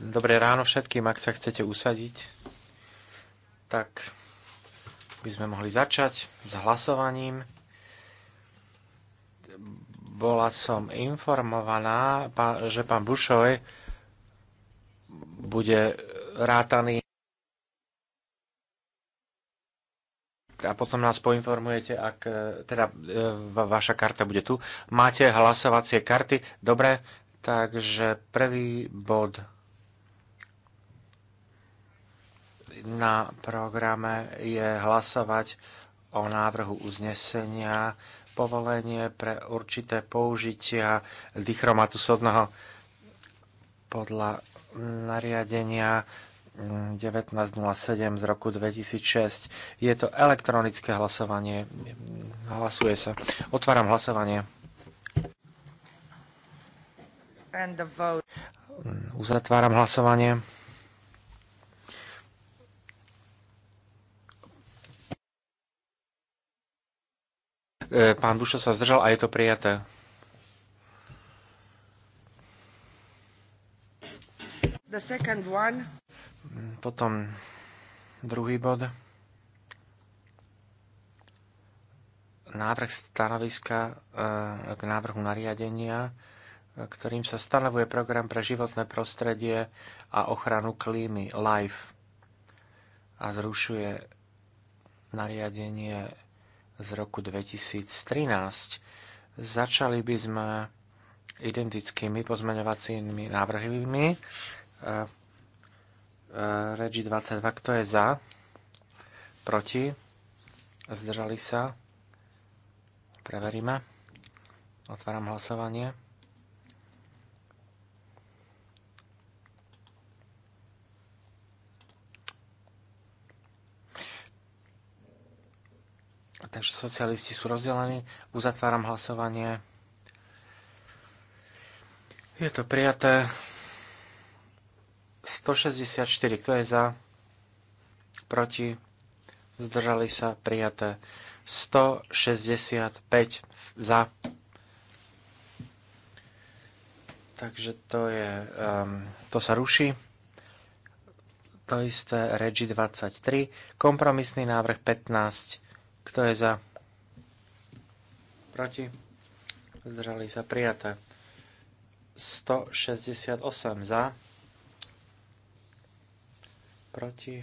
Dobré ráno všetkým, ak sa chcete usadiť, tak by sme mohli začať s hlasovaním. Bola som informovaná, že pán Bušoj bude rátaný a potom nás poinformujete, ak e, teda e, vaša karta bude tu. Máte hlasovacie karty? Dobre, takže prvý bod na programe je hlasovať o návrhu uznesenia povolenie pre určité použitia dichromatu sodného podľa nariadenia 1907 z roku 2006. Je to elektronické hlasovanie. Hlasuje sa. Otváram hlasovanie. Uzatváram hlasovanie. E, pán Dušo sa zdržal a je to prijaté. The second one. Potom druhý bod. Návrh stanoviska eh, k návrhu nariadenia, eh, ktorým sa stanovuje program pre životné prostredie a ochranu klímy LIFE a zrušuje nariadenie z roku 2013. Začali by sme identickými pozmeňovacími návrhmi eh, Regi 22. Kto je za? Proti? Zdržali sa? Preveríme. Otváram hlasovanie. Takže socialisti sú rozdelení. Uzatváram hlasovanie. Je to prijaté. 164. Kto je za? Proti? Zdržali sa? Prijaté. 165 za. Takže to je... Um, to sa ruší. To isté Regi 23. Kompromisný návrh 15. Kto je za? Proti? Zdržali sa prijaté. 168 za proti,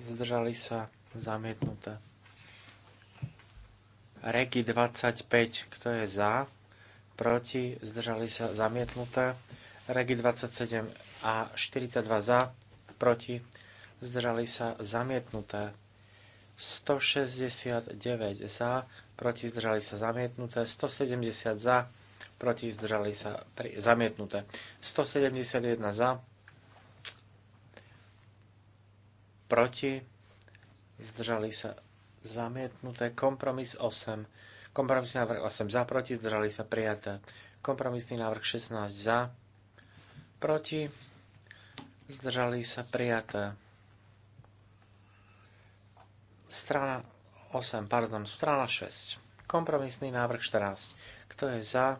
zdržali sa zamietnuté. Regi 25, kto je za, proti, zdržali sa zamietnuté. Regi 27 a 42 za, proti, zdržali sa zamietnuté. 169 za, proti zdržali sa zamietnuté, 170 za, proti zdržali sa pri, zamietnuté, 171 za, proti, zdržali sa zamietnuté, kompromis 8, kompromisný návrh 8 za, proti, zdržali sa prijaté, kompromisný návrh 16 za, proti, zdržali sa prijaté. Strana 8, pardon, strana 6. Kompromisný návrh 14. Kto je za?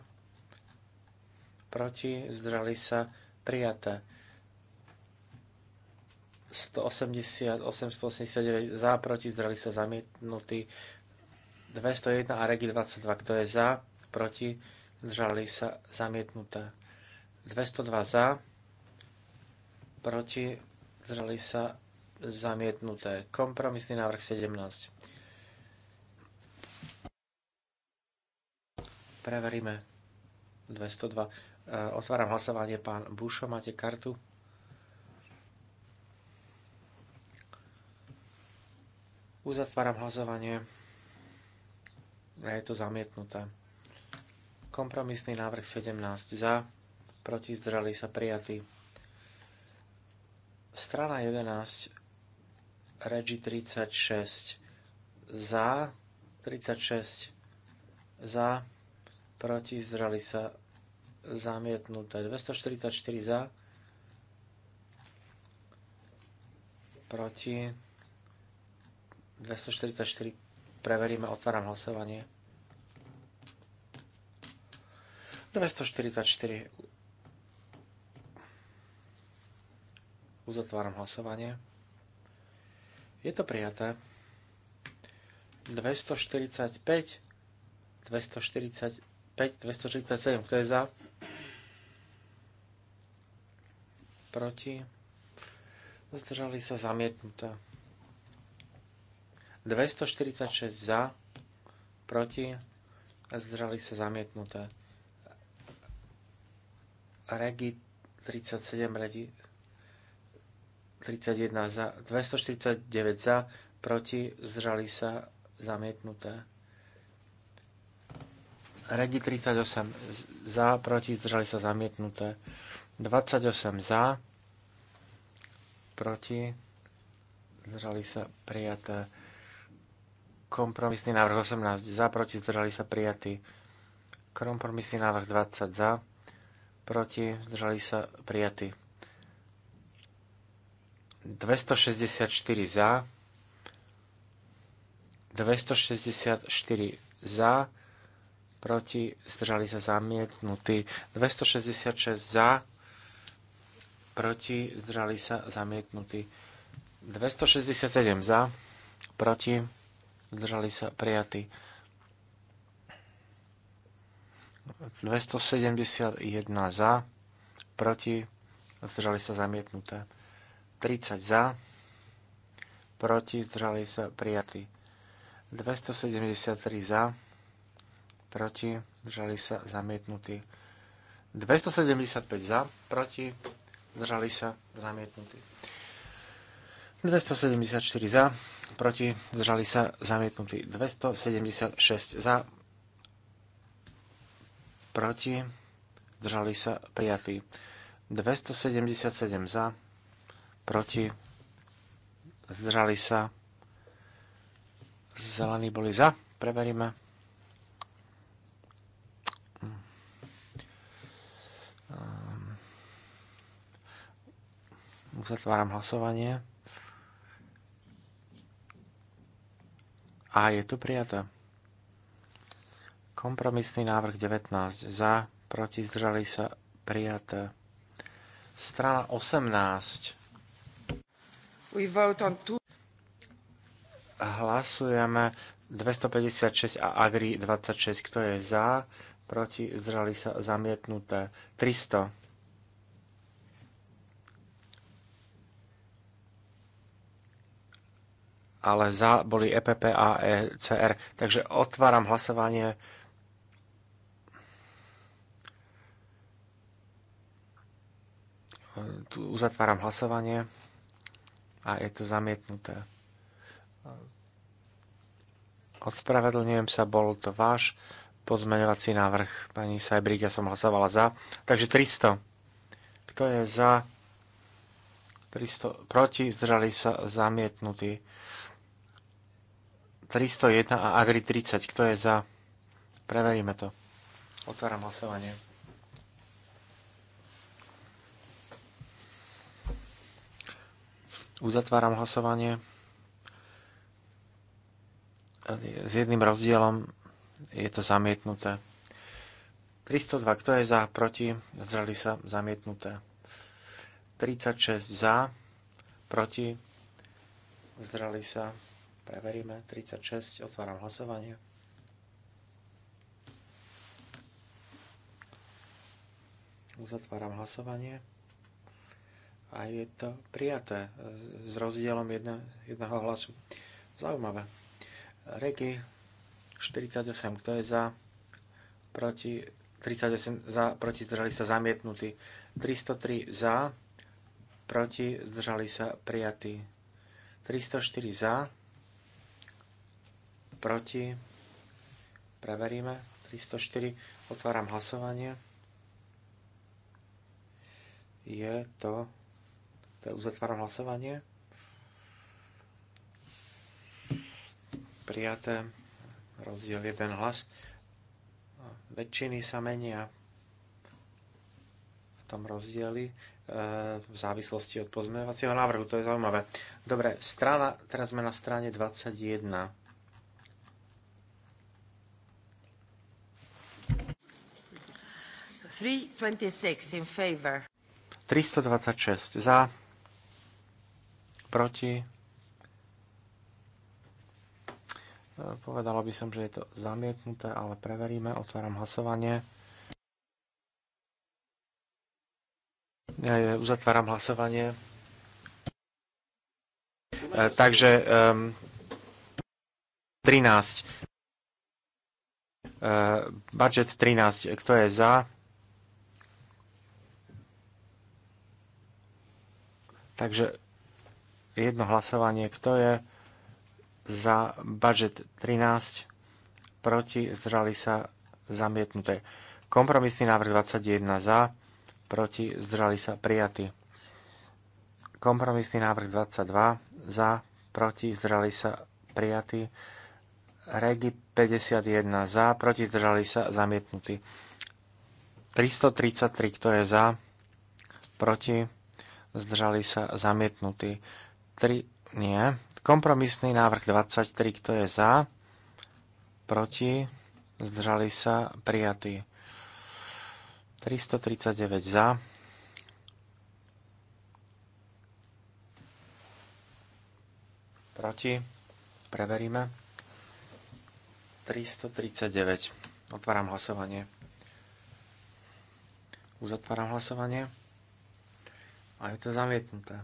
Proti? Zdržali sa? Prijaté. 188 189 za, proti, zdrali sa zamietnutí. 201 a Regi 22, kto je za, proti, zdrali sa zamietnuté. 202 za, proti, zdrali sa zamietnuté. Kompromisný návrh 17. Preveríme. 202. E, otváram hlasovanie. Pán Bušo, máte kartu? Uzatváram hlasovanie. A je to zamietnuté. Kompromisný návrh 17 za, proti zdrali sa prijatý. Strana 11, Regi 36, za, 36, za, proti zdrali sa zamietnuté. 244 za, proti 244 preveríme, otváram hlasovanie. 244 uzatváram hlasovanie. Je to prijaté. 245 245 247 kto je za? Proti? Zdržali sa zamietnuté. 246 za, proti, zdržali sa zamietnuté. Regi 37, Regi 31 za, 249 za, proti, zdržali sa zamietnuté. Regi 38 za, proti, zdržali sa zamietnuté. 28 za, proti, zdržali sa prijaté. Kompromisný návrh 18 za, proti zdržali sa prijatí. Kompromisný návrh 20 za, proti zdržali sa prijatí. 264 za, 264 za, proti, zdržali sa zamietnutí, 266 za, proti, zdržali sa zamietnutí, 267 za, proti, zdržali sa prijatí. 271 za, proti, zdržali sa zamietnuté. 30 za, proti, zdržali sa prijatí. 273 za, proti, zdržali sa zamietnutí. 275 za, proti, zdržali sa zamietnutí. 274 za, proti, zdržali sa zamietnutí 276 za, proti, zdržali sa prijatí 277 za, proti, zdržali sa, zelení boli za, preveríme. Ehm. Uzatváram hlasovanie. A je tu prijatá. Kompromisný návrh 19 za, proti zdržali sa prijaté. Strana 18. We vote on two. Hlasujeme 256 a Agri 26. Kto je za? Proti zdržali sa zamietnuté. 300. ale za boli EPP a ECR. Takže otváram hlasovanie. Tu uzatváram hlasovanie a je to zamietnuté. Ospravedlňujem sa, bol to váš pozmeňovací návrh. Pani Sajbrík, ja som hlasovala za. Takže 300. Kto je za? 300 proti, zdržali sa zamietnutí. 301 a Agri 30. Kto je za? Preveríme to. Otváram hlasovanie. Uzatváram hlasovanie. S jedným rozdielom je to zamietnuté. 302, kto je za, proti, zdrali sa, zamietnuté. 36 za, proti, zdrali sa, Preveríme. 36. Otváram hlasovanie. Uzatváram hlasovanie. A je to prijaté e, s rozdielom jedného hlasu. Zaujímavé. Regi 48. Kto je za? Proti 38 za, proti zdržali sa zamietnutí. 303 za, proti zdržali sa prijatí. 304 za, proti, preveríme, 304, otváram hlasovanie. Je to, je uzatváram hlasovanie. Prijaté, rozdiel jeden hlas. Väčšiny sa menia v tom rozdieli e, v závislosti od pozmeňovacieho návrhu. To je zaujímavé. Dobre, strana, teraz sme na strane 21. 326 in favor. 326 za, proti. E, povedala by som, že je to zamietnuté, ale preveríme. Otváram hlasovanie. Ja uzatváram hlasovanie. E, takže um, 13. Uh, budget 13. Kto je za? Takže jedno hlasovanie, kto je za budget 13, proti, zdržali sa zamietnuté. Kompromisný návrh 21 za, proti, zdržali sa prijatí. Kompromisný návrh 22 za, proti, zdržali sa prijatí. Regi 51 za, proti, zdržali sa zamietnutí. 333, kto je za, proti, zdržali sa zamietnutí. 3 nie. Kompromisný návrh 23, kto je za, proti, zdržali sa prijatí. 339 za, proti, preveríme. 339. Otváram hlasovanie. Uzatváram hlasovanie. A je to zamietnuté.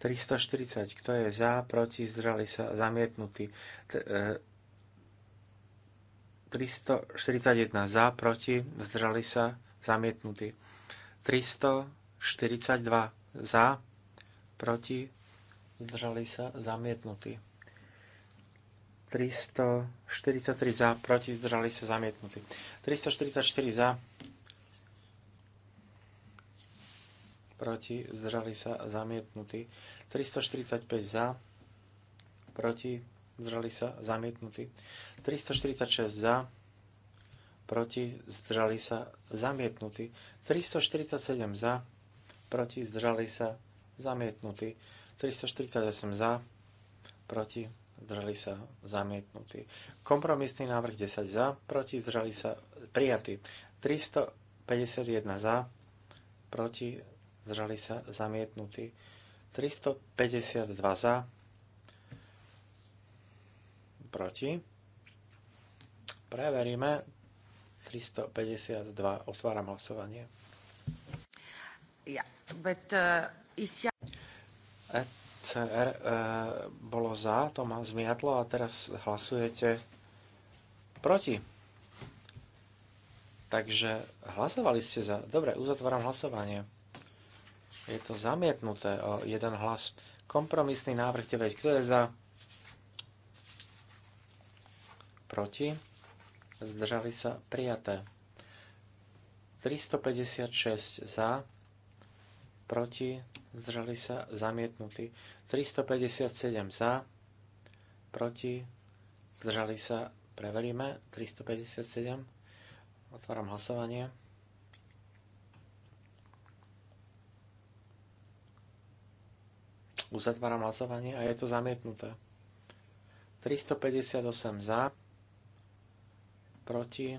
340. Kto je za, proti, zdržali sa, zamietnutý. 341. Za, proti, zdrali sa, zamietnutý. 342. Za, proti, zdržali sa, zamietnutý. 343 za, proti, zdržali sa, zamietnutý. 344 za, proti, zdržali sa, zamietnutí. 345 za, proti, zdržali sa, zamietnutí. 346 za, proti, zdržali sa, zamietnutí. 347 za, proti, zdržali sa, zamietnutí. 348 za, proti, zdržali sa, zamietnutí. Kompromisný návrh 10 za, proti, zdržali sa, prijatí, 351 za, proti, zdržali sa, zamietnutí. 352 za, proti. Preveríme. 352. Otváram hlasovanie. Ja, but, uh, eh, is ECR uh, eh, bolo za, to ma zmiatlo a teraz hlasujete proti. Takže hlasovali ste za. Dobre, uzatváram hlasovanie. Je to zamietnuté o jeden hlas. Kompromisný návrh 9. Kto je za? Proti? Zdržali sa prijaté. 356 za, proti, zdržali sa zamietnutí. 357 za, proti, zdržali sa, preveríme, 357. Otváram hlasovanie. Uzatváram hlasovanie a je to zamietnuté. 358 za, proti,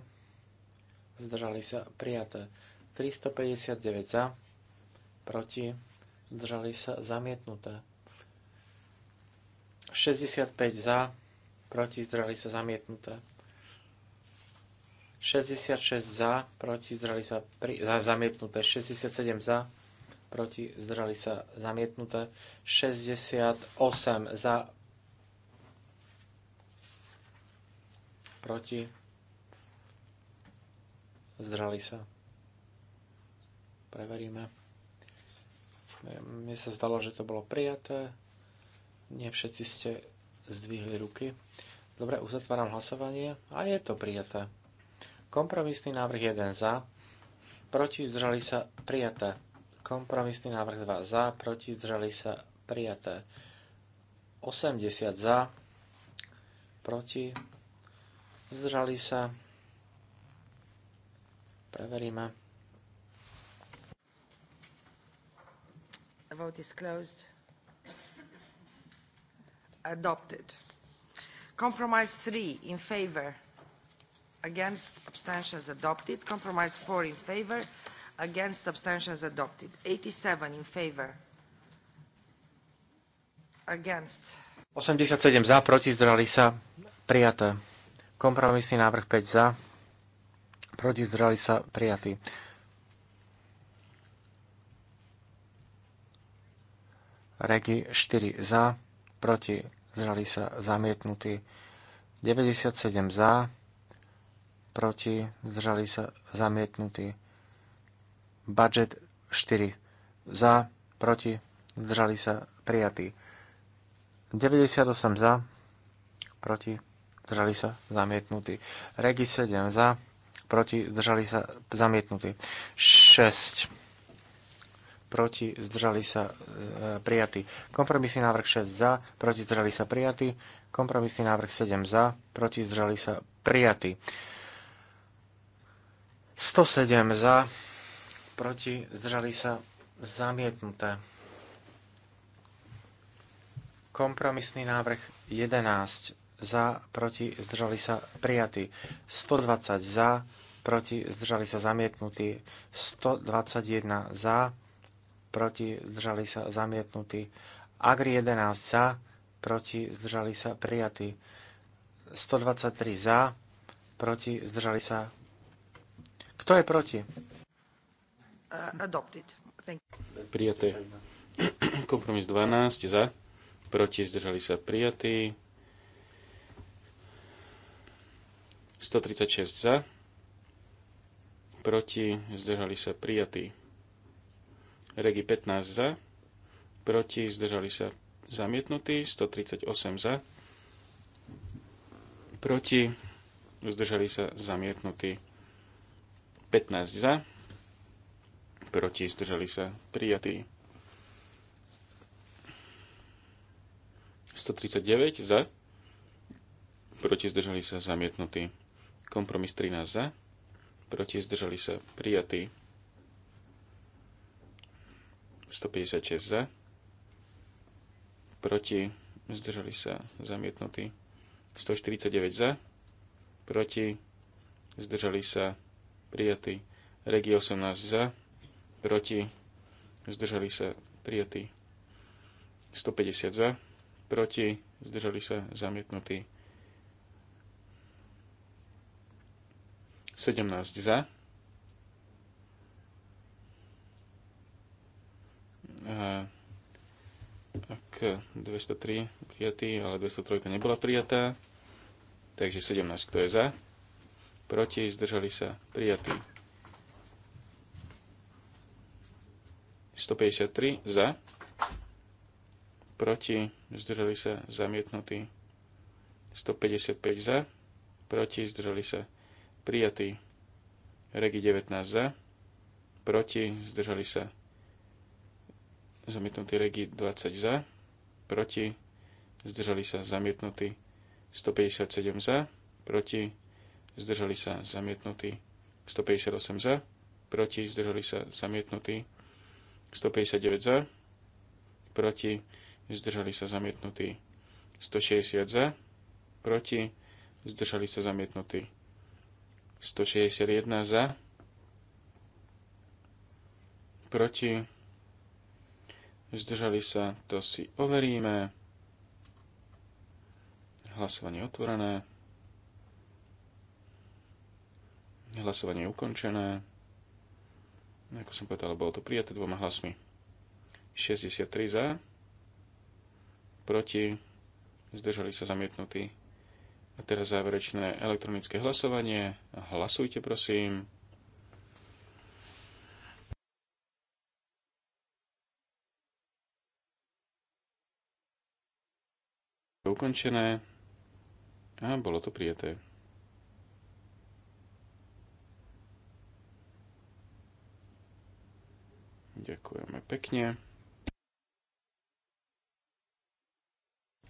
zdržali sa, prijaté. 359 za, proti, zdržali sa, zamietnuté. 65 za, proti, zdržali sa, zamietnuté. 66 za, proti, zdržali sa, pri, za, zamietnuté. 67 za, proti, zdržali sa zamietnuté, 68 za, proti, zdržali sa. Preveríme. Mne sa zdalo, že to bolo prijaté. Nie všetci ste zdvihli ruky. Dobre, uzatváram hlasovanie a je to prijaté. Kompromisný návrh 1 za, proti zdržali sa prijaté. Kompromisný návrh 2 za, proti, zdržali sa, prijaté. 80 za, proti, zdržali sa, preveríme. The vote is closed. Adopted. Compromise 3 in favor. Against abstentions adopted. Compromise 4 in favor against abstentions adopted 87 in favor against 87 za proti zdržali sa prijaté kompromisný návrh 5 za proti zdržali sa prijatý Regi 4 za, proti zrali sa zamietnutí 97 za, proti zrali sa zamietnutí Budget 4. Za, proti, zdržali sa, prijatý. 98 za, proti, zdržali sa, zamietnutý. Regi 7 za, proti, zdržali sa, zamietnutý. 6 proti, zdržali sa, e, prijatý. Kompromisný návrh 6 za, proti, zdržali sa, prijatý. Kompromisný návrh 7 za, proti, zdržali sa, prijatý. 107 za, proti, zdržali sa zamietnuté. Kompromisný návrh 11 za, proti, zdržali sa prijatí. 120 za, proti, zdržali sa zamietnutí. 121 za, proti, zdržali sa zamietnutí. Agri 11 za, proti, zdržali sa prijatí. 123 za, proti, zdržali sa. Kto je proti? adopted. Thank you. Prijaté. Kompromis 12 za, proti zdržali sa prijatí. 136 za, proti zdržali sa prijatí. Regi 15 za, proti zdržali sa zamietnutí. 138 za, proti zdržali sa zamietnutí. 15 za, proti, zdržali sa, prijatí. 139 za, proti, zdržali sa, zamietnutí. Kompromis 13 za, proti, zdržali sa, prijatí. 156 za, proti, zdržali sa, zamietnutí. 149 za, proti, zdržali sa, prijatí. Regi 18 za, proti, zdržali sa prijatí. 150 za, proti, zdržali sa zamietnutí. 17 za. A ak 203 prijatý, ale 203 nebola prijatá, takže 17 kto je za, proti, zdržali sa prijatí. 153 za, proti, zdržali sa zamietnutí 155 za, proti, zdržali sa prijatí Regi 19 za, proti, zdržali sa zamietnutí Regi 20 za, proti, zdržali sa zamietnutí 157 za, proti, zdržali sa zamietnutí 158 za, proti, zdržali sa zamietnutí 159 za, proti, zdržali sa zamietnutí 160 za, proti, zdržali sa zamietnutí 161 za, proti, zdržali sa, to si overíme, hlasovanie otvorené, hlasovanie ukončené, ako som povedal, bolo to prijaté dvoma hlasmi. 63 za, proti, zdržali sa zamietnutí. A teraz záverečné elektronické hlasovanie. Hlasujte, prosím. Ukončené. A bolo to prijaté. Ďakujeme pekne.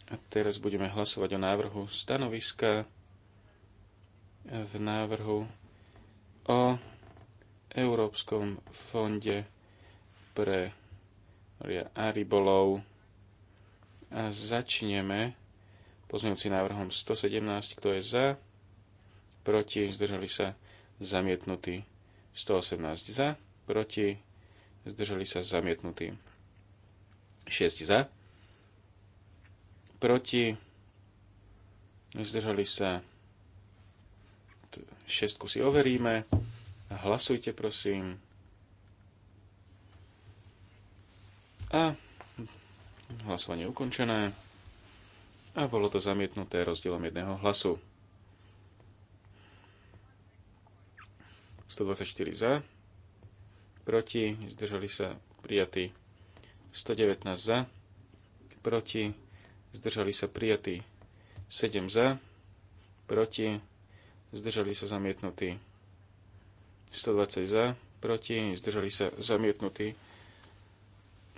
A teraz budeme hlasovať o návrhu stanoviska v návrhu o Európskom fonde pre a rybolov. A začneme pozmeňujúci návrhom 117, kto je za, proti, zdržali sa, zamietnutí 118 za, proti, zdržali sa zamietnutí. 6 za, proti, zdržali sa, 6 si overíme, hlasujte prosím. A hlasovanie ukončené a bolo to zamietnuté rozdielom jedného hlasu. 124 za, proti, zdržali sa prijatí 119 za, proti, zdržali sa prijatí 7 za, proti, zdržali sa zamietnutí 120 za, proti, zdržali sa zamietnutí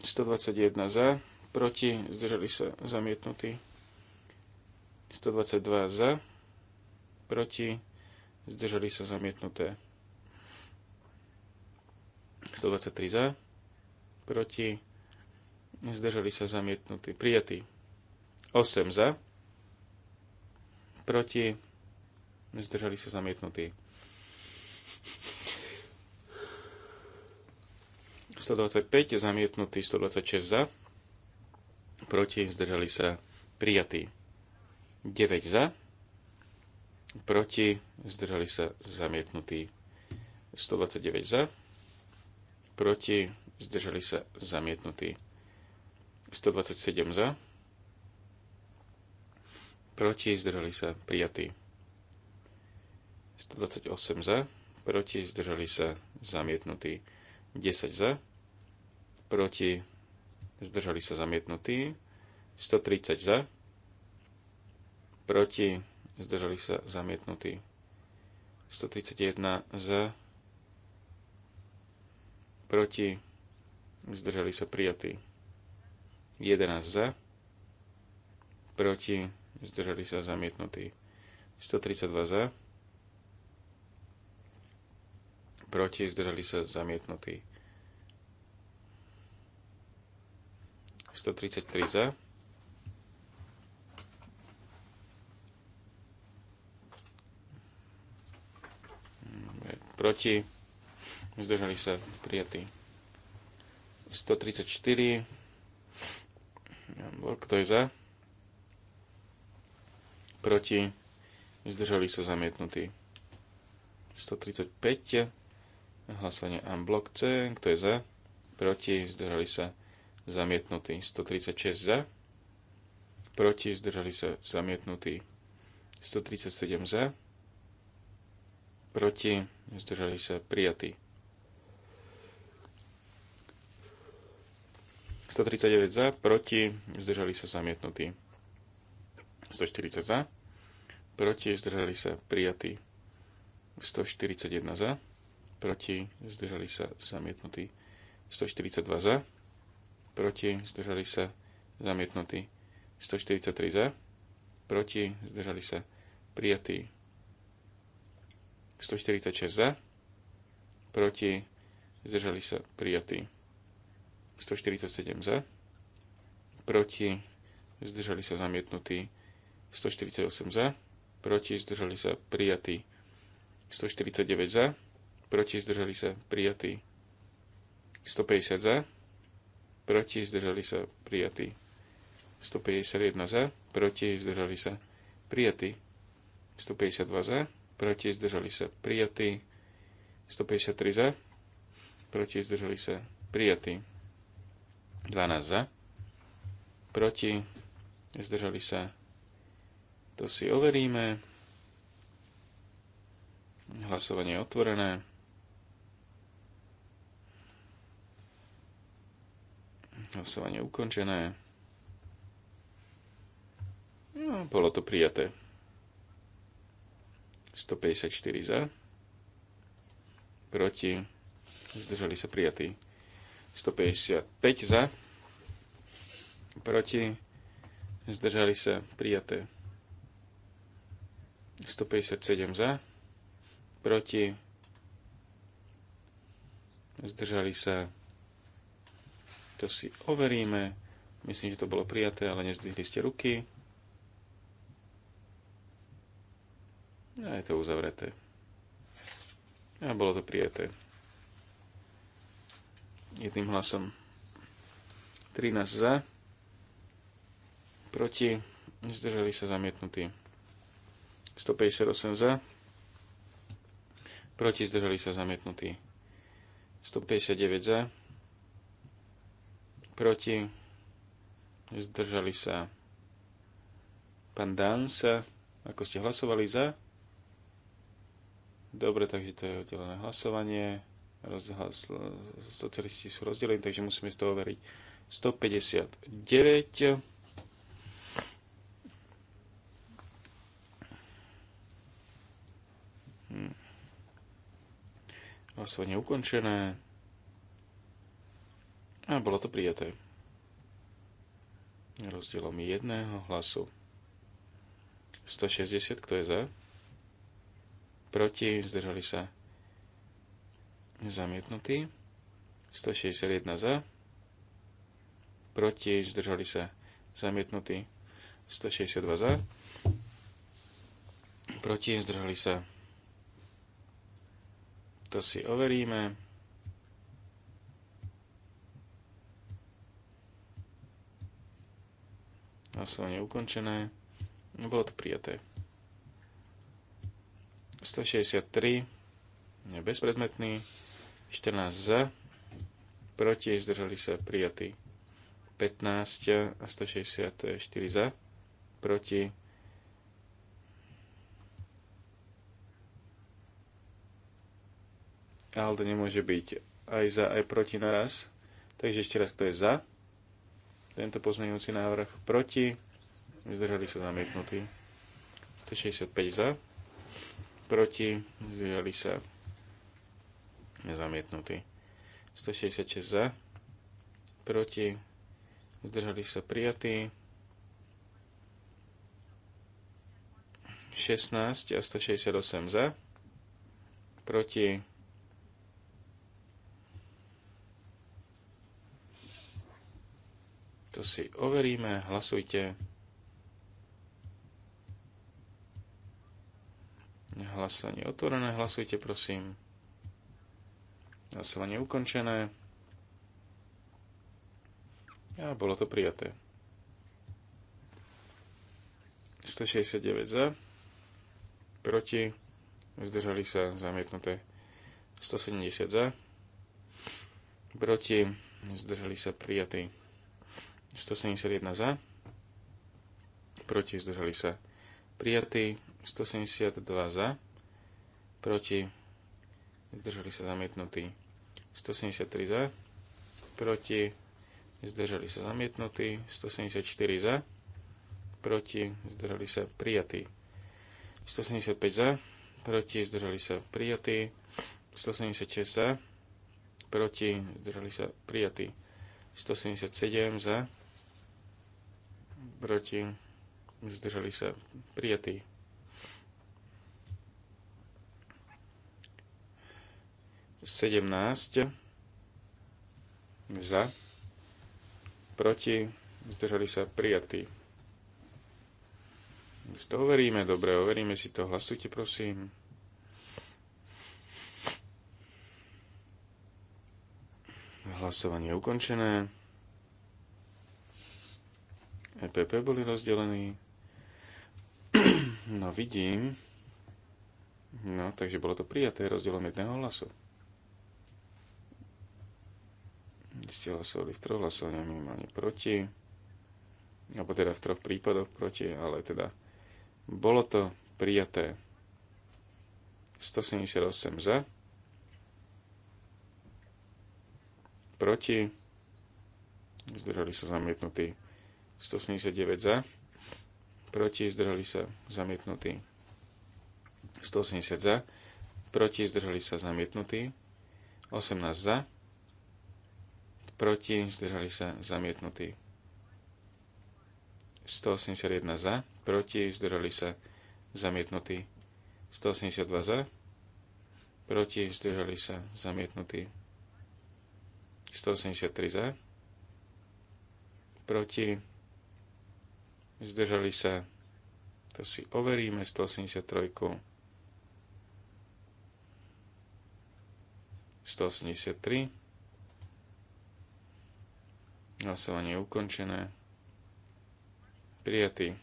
121 za, proti, zdržali sa zamietnutí 122 za, proti, zdržali sa zamietnuté 123 za, proti, zdržali sa zamietnutí, prijatí. 8 za, proti, zdržali sa zamietnutí. 125 zamietnutý, 126 za, proti, zdržali sa prijatí. 9 za, proti, zdržali sa zamietnutí. 129 za, proti, zdržali sa zamietnutí. 127 za, proti, zdržali sa prijatí. 128 za, proti, zdržali sa zamietnutí. 10 za, proti, zdržali sa zamietnutí. 130 za, proti, zdržali sa zamietnutí. 131 za, proti, zdržali sa prijatí. 11 za, proti, zdržali sa zamietnutí. 132 za, proti, zdržali sa zamietnutí. 133 za, proti, zdržali sa prijatí. 134. Kto je za? Proti. Zdržali sa zamietnutí. 135. Hlasovanie unblock C. Kto je za? Proti. Zdržali sa zamietnutí. 136 za. Proti. Zdržali sa zamietnutí. 137 za. Proti. Zdržali sa prijatí. 139 za, proti, zdržali sa zamietnutí. 140 za, proti, zdržali sa prijatí. 141 za, proti, zdržali sa zamietnutí. 142 za, proti, zdržali sa zamietnutí. 143 za, proti, zdržali sa prijatí. 146 za, proti, zdržali sa prijatí. 147 za, proti, zdržali sa zamietnutí 148 za, proti, zdržali sa prijatí 149 za, proti, zdržali sa prijatí 150 za, proti, zdržali sa prijatí 151 za, proti, zdržali sa prijatí 152 za, proti, zdržali sa prijatí 153 za, proti, zdržali sa prijatí 12 za, proti, zdržali sa, to si overíme. Hlasovanie je otvorené. Hlasovanie je ukončené. No, bolo to prijaté. 154 za, proti, zdržali sa prijatí 155 za, proti, zdržali sa prijaté 157 za, proti, zdržali sa, to si overíme, myslím, že to bolo prijaté, ale nezdvihli ste ruky. A je to uzavreté. A bolo to prijaté jedným hlasom. 13 za, proti, zdržali sa zamietnutí. 158 za, proti, zdržali sa zamietnutí. 159 za, proti, zdržali sa. Pán Dansa, ako ste hlasovali za? Dobre, takže to je oddelené hlasovanie rozhlas, socialisti sú rozdelení, takže musíme z toho veriť. 159. Hm. Hlasovanie ukončené. A bolo to prijaté. Rozdielom jedného hlasu. 160, kto je za? Proti, zdržali sa zamietnutý. 161 za, proti, zdržali sa, zamietnutý. 162 za, proti, zdržali sa. To si overíme. Hlasovanie ukončené. Bolo to prijaté. 163 je bezpredmetný. 14 za, proti, zdržali sa prijatí 15 a 164 za, proti, to nemôže byť aj za, aj proti naraz. Takže ešte raz, kto je za tento pozmeňujúci návrh, proti, zdržali sa zamietnutí. 165 za, proti, zdržali sa nezamietnutý. 166 za, proti, zdržali sa prijatí. 16 a 168 za, proti, to si overíme, hlasujte. Hlasanie otvorené, hlasujte prosím. Hlasovanie ukončené. A bolo to prijaté. 169 za. Proti. Zdržali sa zamietnuté. 170 za. Proti. Zdržali sa prijatí. 171 za. Proti. Zdržali sa prijatí. 172 za. Proti. Zdržali sa zamietnutí. 173 za, proti, zdržali sa zamietnutí, 174 za, proti, zdržali sa prijatí, 175 za, proti, zdržali sa prijatí, 176 za, proti, zdržali sa prijatí, 177 za, proti, zdržali sa prijatí, 17 za, proti, zdržali sa prijatí. Si to overíme, dobre, overíme si to, hlasujte prosím. Hlasovanie je ukončené. EPP boli rozdelení. No vidím. No, takže bolo to prijaté rozdielom jedného hlasu. ste hlasovali v troch hlasovaniach minimálne proti, alebo teda v troch prípadoch proti, ale teda bolo to prijaté 178 za, proti, zdržali sa zamietnutí 179 za, proti, zdržali sa zamietnutí 180 za, proti, zdržali sa zamietnutí 18 za, proti, zdržali sa zamietnutí. 181 za, proti, zdržali sa zamietnutí. 182 za, proti, zdržali sa zamietnutí. 183 za, proti, zdržali sa, to si overíme, 183. 183 Hlasovanie je ukončené. Prijatý.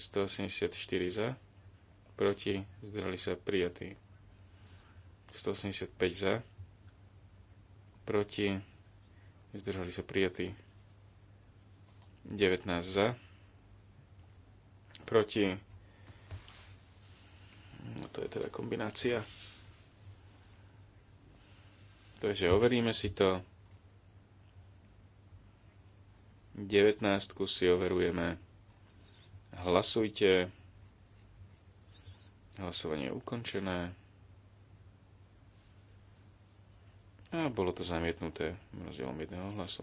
184 za. Proti. zdrali sa prijatý. 185 za. Proti. Zdržali sa prijatý. 19 za. Proti. No to je teda kombinácia. Takže overíme si to. 19 si overujeme. Hlasujte. Hlasovanie je ukončené. A bolo to zamietnuté rozdielom jedného hlasu.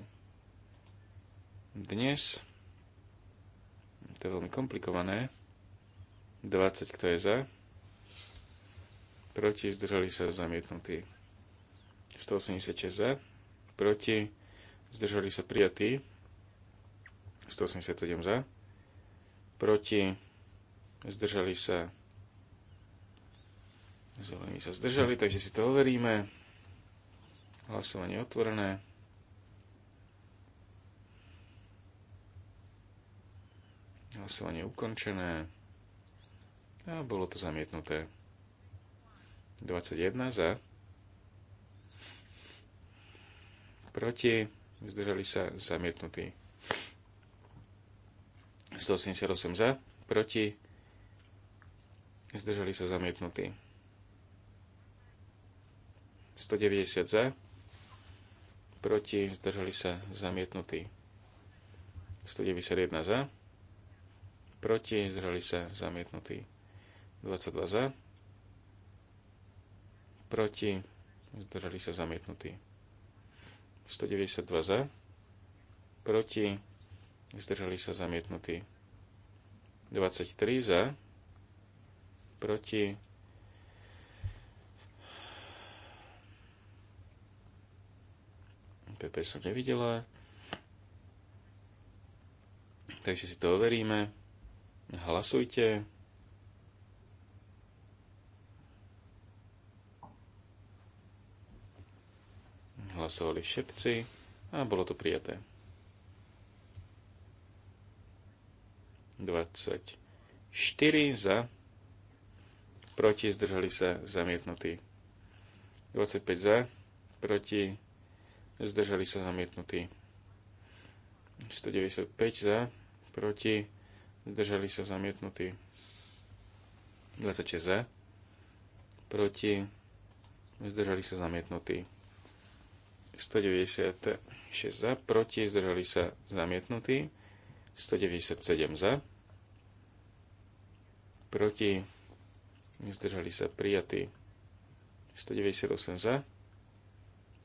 Dnes, to je veľmi komplikované, 20 kto je za, proti zdržali sa zamietnutí. 186 za, proti zdržali sa prijatí. 187 za, proti, zdržali sa, zelení sa zdržali, takže si to overíme. Hlasovanie otvorené. Hlasovanie ukončené. A bolo to zamietnuté. 21 za. Proti. Zdržali sa zamietnutí. 188 za, proti, zdržali sa zamietnutí. 190 za, proti, zdržali sa zamietnutí. 191 za, proti, zdržali sa zamietnutí. 22 za, proti, zdržali sa zamietnutí. 192 za, proti, zdržali sa zamietnutí. 23 za, proti, PP som nevidela, takže si to overíme. Hlasujte. Hlasovali všetci a bolo to prijaté. 24 za, proti, zdržali sa, zamietnutí. 25 za, proti, zdržali sa, zamietnutí. 195 za, proti, zdržali sa, zamietnutí. 26 za, proti, zdržali sa, zamietnutí. 196 za, proti, zdržali sa, zamietnutí. 197 za, proti, zdržali sa prijatí 198 za,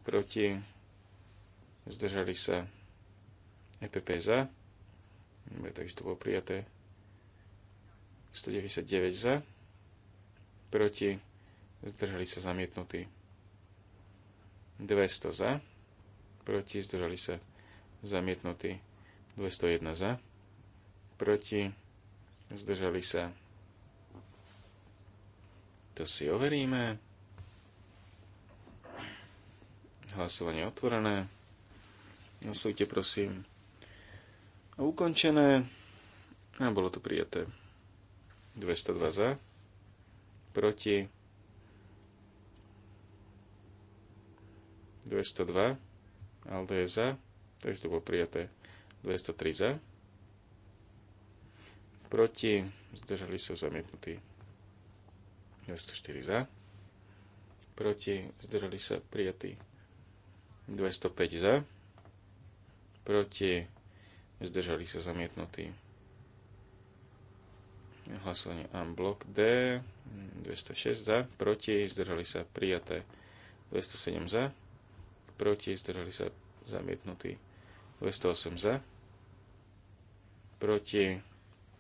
proti, zdržali sa EPP za, takže to bolo prijaté 199 za, proti, zdržali sa zamietnutí 200 za, proti, zdržali sa zamietnutí 201 za, proti, zdržali sa. To si overíme. Hlasovanie otvorené. Hlasujte prosím. A ukončené. A bolo to prijaté. 202 za, proti, 202, Alde je za, takže to bolo prijaté. 203 za. Proti. Zdržali sa zamietnutí. 204 za. Proti. Zdržali sa prijatí. 205 za. Proti. Zdržali sa zamietnutí. Hlasovanie en blok D. 206 za. Proti. Zdržali sa prijaté. 207 za. Proti. Zdržali sa zamietnutí. 208 za proti,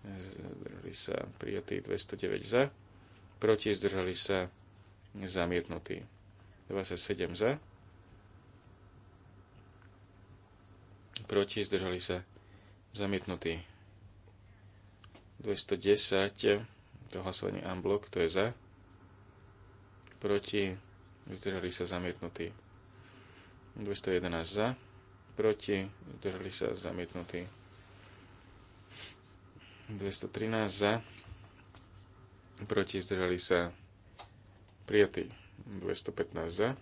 zdržali sa prijatí 209 za, proti zdržali sa zamietnutí 27 za, proti zdržali sa zamietnutí 210, to hlasovanie unblock, to je za, proti zdržali sa zamietnutí 211 za, proti zdržali sa zamietnutí 213 za, proti zdržali sa prijatí 215 za,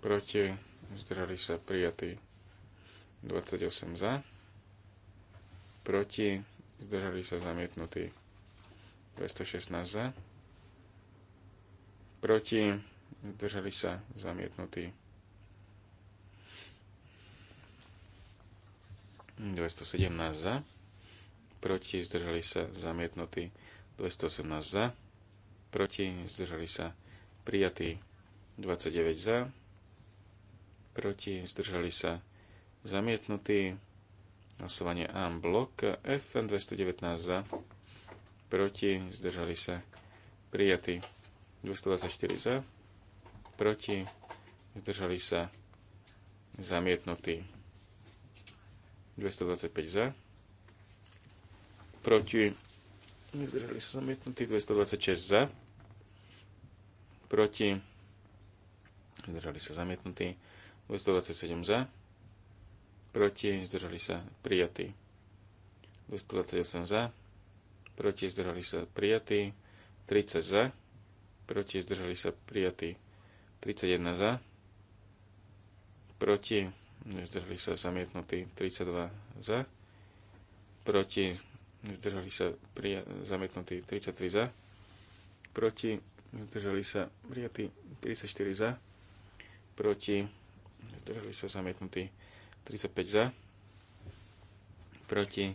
proti zdržali sa prijatí 28 za, proti zdržali sa zamietnutí 216 za, proti zdržali sa zamietnutí 217 za, proti, zdržali sa zamietnutí. 218 za, proti, zdržali sa prijatí. 29 za, proti, zdržali sa zamietnutí. Hlasovanie A blok F 219 za, proti, zdržali sa prijatí. 224 za, proti, zdržali sa zamietnutí. 225 za, proti, Izraeli sa zamietnutí, 226 za, proti, zdržali sa zamietnutí, 227 za, proti, zdržali sa prijatí, 228 za, proti, zdržali sa prijatí, 30 za, proti, zdržali sa prijatí, 31 za, proti, zdržali sa zamietnutí, 32 za, proti, zdržali sa pri zamietnutí 33 za, proti, zdržali sa prijatí 34 za, proti, zdržali sa zamietnutí 35 za, proti,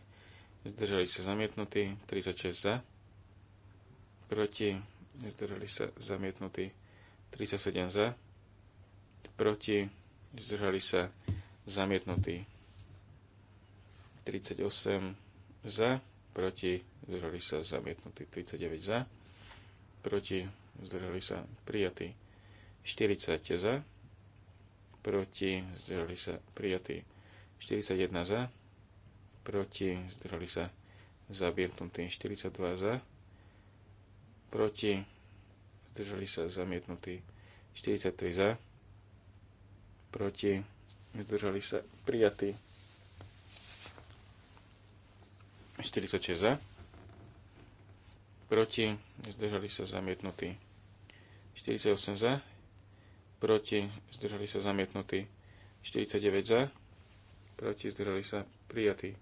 zdržali sa zamietnutí 36 za, proti, zdržali sa zamietnutí 37 za, proti, zdržali sa zamietnutí 38 za, proti, zdržali sa zamietnutí 39 za, proti, zdržali sa prijatí 40 za, proti, zdržali sa prijatí 41 za, proti, zdržali sa zamietnutí 42 za, proti, zdržali sa zamietnutí 43 za, proti, zdržali sa prijatí 46 za. Proti. Zdržali sa zamietnutí. 48 za. Proti. Zdržali sa zamietnutí. 49 za. Proti. Zdržali sa prijatí.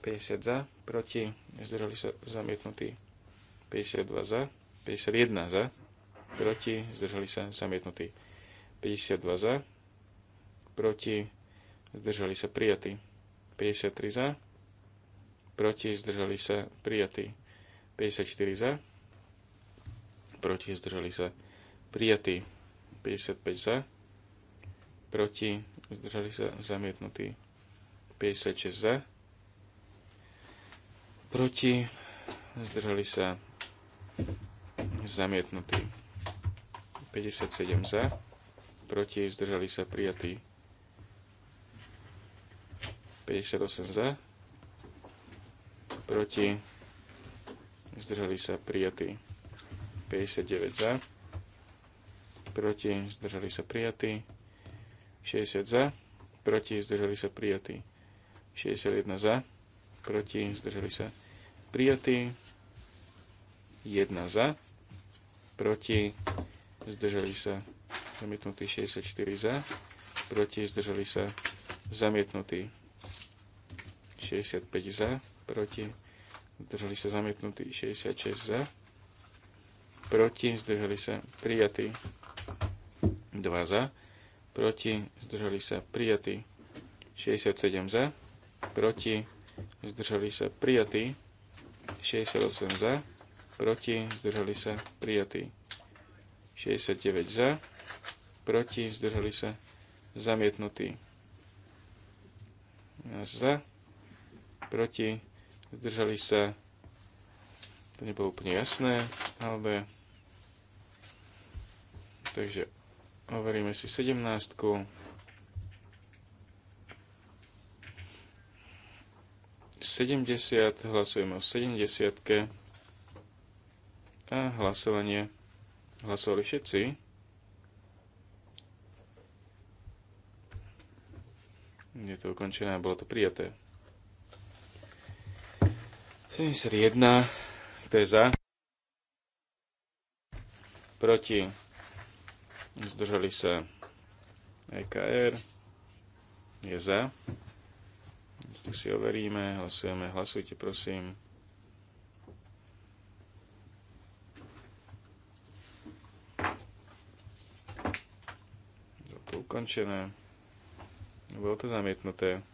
50 za. Proti. Zdržali sa zamietnutí. 52 za. 51 za. Proti. Zdržali sa zamietnutí. 52 za. Proti. Zdržali sa prijatí. 53 za proti, zdržali sa prijatí. 54 za, proti, zdržali sa prijatí. 55 za, proti, zdržali sa zamietnutí. 56 za, proti, zdržali sa zamietnutí. 57 za, proti, zdržali sa prijatí. 58 za, proti, zdržali sa prijatí 59 za, proti, zdržali sa prijatí 60 za, proti, zdržali sa prijatí 61 za, proti, zdržali sa prijatí 1 za, proti, zdržali sa zamietnutí 64 za, proti, zdržali sa zamietnutí 65 za, proti, zdržali sa zamietnutí 66 za, proti, zdržali sa prijatí 2 za, proti, zdržali sa prijatí 67 za, proti, zdržali sa prijatí 68 za, proti, zdržali sa prijatí 69 za, proti, zdržali sa zamietnutí za, proti, Vydržali sa, to nebolo úplne jasné, ale takže overíme si 17. Sedemdesiat, hlasujeme o 70. A hlasovanie, hlasovali všetci. Je to ukončené a bolo to prijaté. 71, er kto je za? Proti. Zdržali sa EKR. Je za. Tak si overíme, hlasujeme, hlasujte prosím. Bolo to ukončené. Bolo to zamietnuté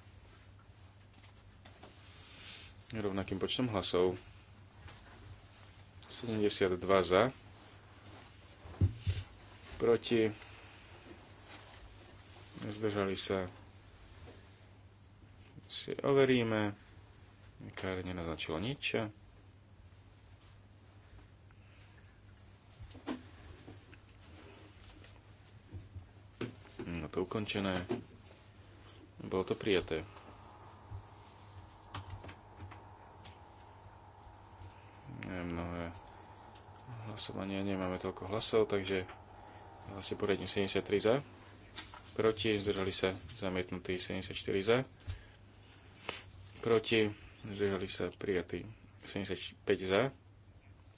rovnakým počtom hlasov. 72 za, proti, zdržali sa, si overíme, kár nenaznačilo nič. No to ukončené. Bolo to prijaté. hlasovania nemáme toľko hlasov, takže vlastne poriadne 73 za, proti, zdržali sa zamietnutí 74 za, proti, zdržali sa prijatí 75 za,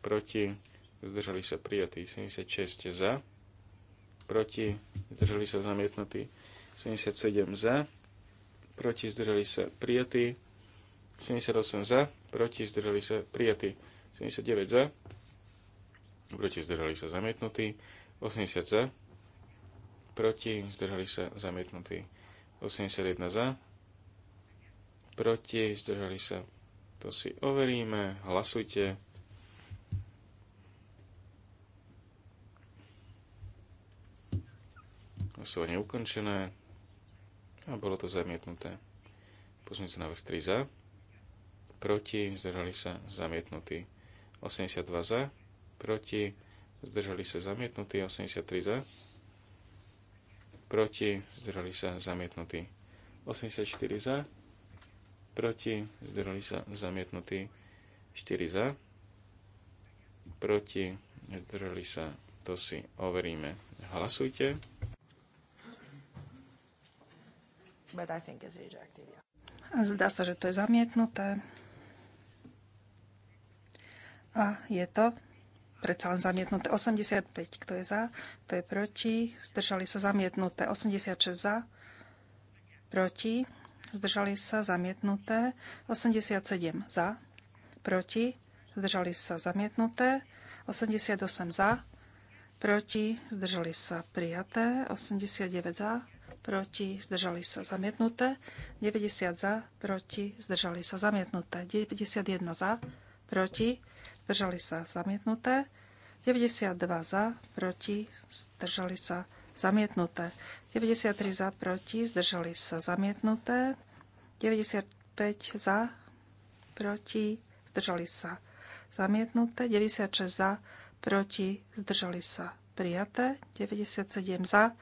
proti, zdržali sa prijatí 76 za, proti, zdržali sa zamietnutí 77 za, proti, zdržali sa prijatí 78 za, proti, zdržali sa prijatí 79 za, proti zdržali sa zamietnutí, 80 za, proti zdržali sa zamietnutí, 81 za, proti zdržali sa, to si overíme, hlasujte. Hlasovanie ukončené a bolo to zamietnuté. na návrh 3 za, proti zdržali sa zamietnutí, 82 za, proti, zdržali sa zamietnutí, 83 za, proti, zdržali sa zamietnutí, 84 za, proti, zdržali sa zamietnutí, 4 za, proti, zdržali sa, to si overíme. Hlasujte. But I think it's rejected, yeah. Zdá sa, že to je zamietnuté. A je to predsa len zamietnuté. 85, kto je za, kto je proti, zdržali sa zamietnuté. 86 za, proti, zdržali sa zamietnuté. 87 za, proti, zdržali sa zamietnuté. 88 za, proti, zdržali sa prijaté. 89 za, proti, zdržali sa zamietnuté. 90 za, proti, zdržali sa zamietnuté. 91 za, proti, zdržali sa zamietnuté, 92 za, proti, zdržali sa zamietnuté, 93 za, proti, zdržali sa zamietnuté, 95 za, proti, zdržali sa zamietnuté, 96 za, proti, zdržali sa prijaté, 97 za,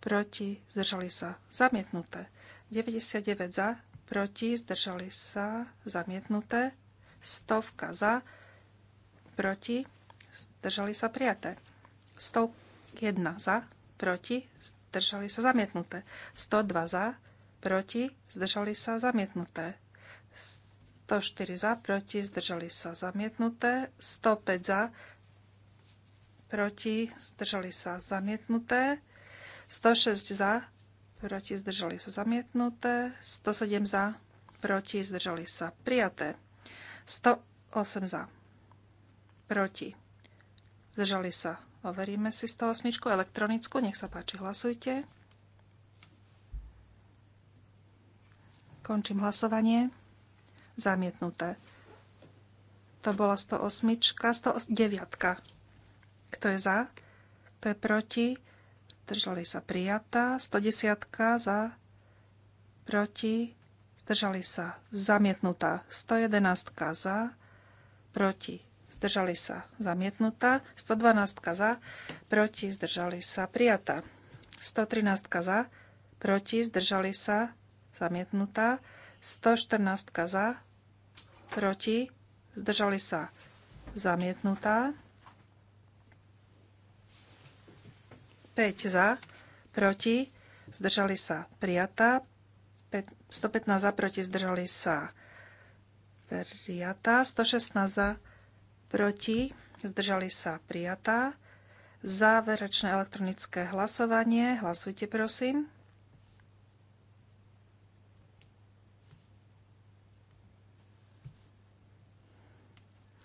proti, zdržali sa zamietnuté, 99 za, proti, zdržali sa zamietnuté, stovka za, proti, zdržali sa prijaté. 101 za, proti, zdržali sa zamietnuté. 102 za, proti, zdržali sa zamietnuté. 104 za, proti, zdržali sa zamietnuté. 105 za, proti, zdržali sa zamietnuté. 106 za, proti, zdržali sa zamietnuté. 107 za, proti, zdržali sa prijaté. 108 za, proti. Zdržali sa. Overíme si 108 elektronickú. Nech sa páči, hlasujte. Končím hlasovanie. Zamietnuté. To bola 108, 109. Kto je za? Kto je proti? Zdržali sa prijatá. 110 za, proti. Zdržali sa zamietnutá. 111 za, proti zdržali sa zamietnutá, 112 za, proti, zdržali sa prijatá, 113 za, proti, zdržali sa zamietnutá, 114 za, proti, zdržali sa zamietnutá, 5 za, proti, zdržali sa prijatá, 115 za, proti, zdržali sa prijatá, 116 za, proti, zdržali sa prijatá. Záverečné elektronické hlasovanie. Hlasujte, prosím.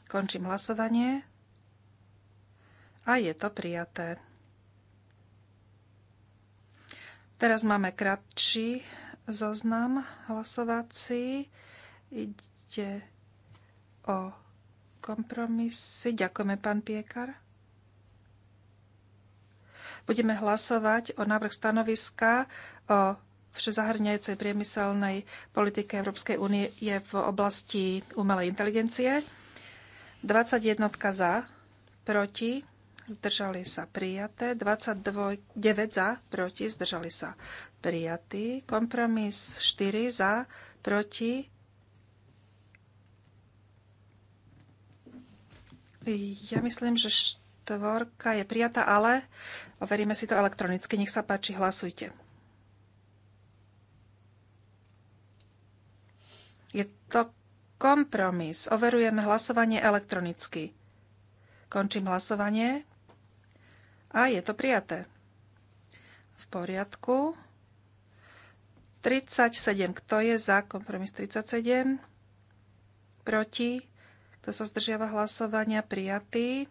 Končím hlasovanie. A je to prijaté. Teraz máme kratší zoznam hlasovací. Ide o kompromisy. Ďakujeme, pán Piekar. Budeme hlasovať o návrh stanoviska o všezahrňajúcej priemyselnej politike Európskej únie je v oblasti umelej inteligencie. 21 za, proti, zdržali sa prijaté. 29 za, proti, zdržali sa prijatí. Kompromis 4 za, proti, Ja myslím, že štvorka je prijatá, ale overíme si to elektronicky. Nech sa páči, hlasujte. Je to kompromis. Overujeme hlasovanie elektronicky. Končím hlasovanie. A je to prijaté. V poriadku. 37. Kto je za kompromis 37? Proti? Kto sa zdržiava hlasovania? Prijatý.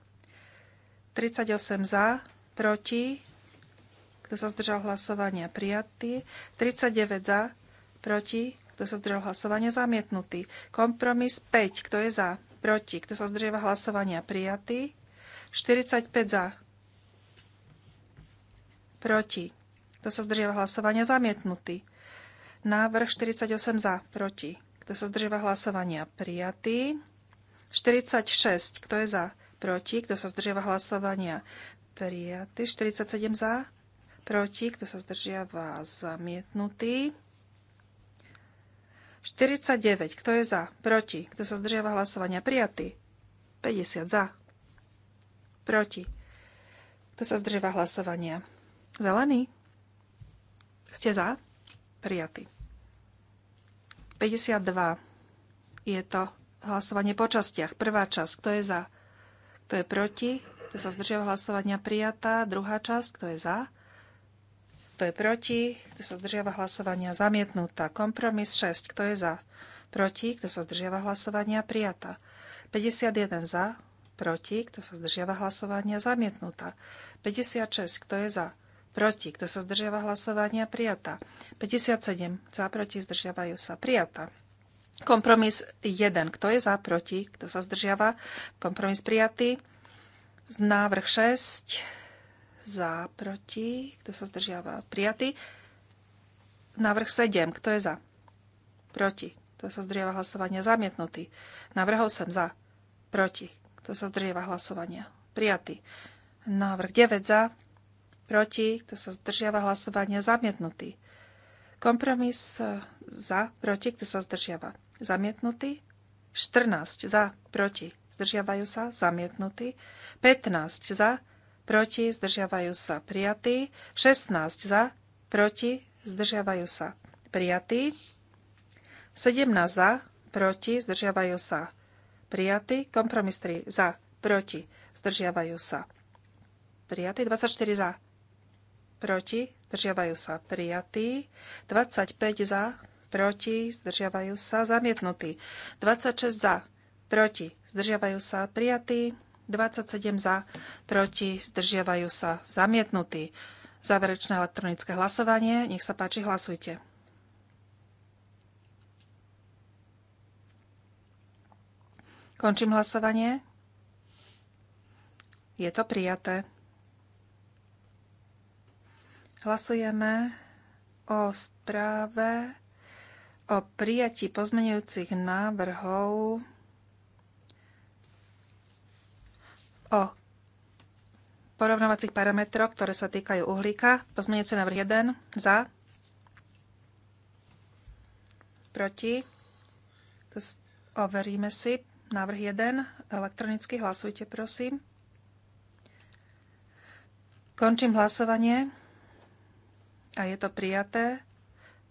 38 za, proti. Kto sa zdržal hlasovania? Prijatý. 39 za, proti. Kto sa zdržal hlasovania? Zamietnutý. Kompromis 5. Kto je za? Proti. Kto sa zdržiava hlasovania? Prijatý. 45 za, proti. Kto sa zdržiava hlasovania? Zamietnutý. Návrh 48 za, proti. Kto sa zdržiava hlasovania? Prijatý. 46. Kto je za? Proti. Kto sa zdržiava hlasovania? Prijatý. 47 za. Proti. Kto sa zdržiava? Zamietnutý. 49. Kto je za? Proti. Kto sa zdržiava hlasovania? Prijatý. 50 za. Proti. Kto sa zdržiava hlasovania? Zelený. Ste za? Prijatý. 52. Je to hlasovanie po častiach. Prvá časť, kto je za, kto je proti, kto sa zdržiava hlasovania prijatá. Druhá časť, kto je za, kto je proti, kto sa zdržiava hlasovania zamietnutá. Kompromis 6, kto je za, proti, kto sa zdržiava hlasovania prijatá. 51 za, proti, kto sa zdržiava hlasovania zamietnutá. 56, kto je za, proti, kto sa zdržiava hlasovania prijatá. 57 za, proti, zdržiavajú sa prijatá. Kompromis 1. Kto je za, proti? Kto sa zdržiava? Kompromis prijatý. Z návrh 6. Za, proti? Kto sa zdržiava? Prijatý. Návrh 7. Kto je za? Proti. Kto sa zdržiava hlasovania? Zamietnutý. Návrh 8. Za, proti. Kto sa zdržiava hlasovania? Prijatý. Návrh 9. Za, proti. Kto sa zdržiava hlasovania? Zamietnutý. Kompromis e, za, proti, kto sa zdržiava zamietnutý. 14 za, proti, zdržiavajú sa, zamietnutý. 15 za, proti, zdržiavajú sa, prijatý. 16 za, proti, zdržiavajú sa, prijatý. 17 za, proti, zdržiavajú sa, prijatý. Kompromis 3 za, proti, zdržiavajú sa, prijatý. 24 za, proti, zdržiavajú sa, prijatý. 25 za, proti, zdržiavajú sa, zamietnutý. 26 za, proti, zdržiavajú sa, prijatý. 27 za, proti, zdržiavajú sa, zamietnutý. Záverečné elektronické hlasovanie. Nech sa páči, hlasujte. Končím hlasovanie. Je to prijaté. Hlasujeme o správe o prijatí pozmenujúcich návrhov o porovnávacích parametroch, ktoré sa týkajú uhlíka. Pozmenujúci návrh 1 za, proti. Overíme si. Návrh 1. Elektronicky hlasujte, prosím. Končím hlasovanie a je to prijaté.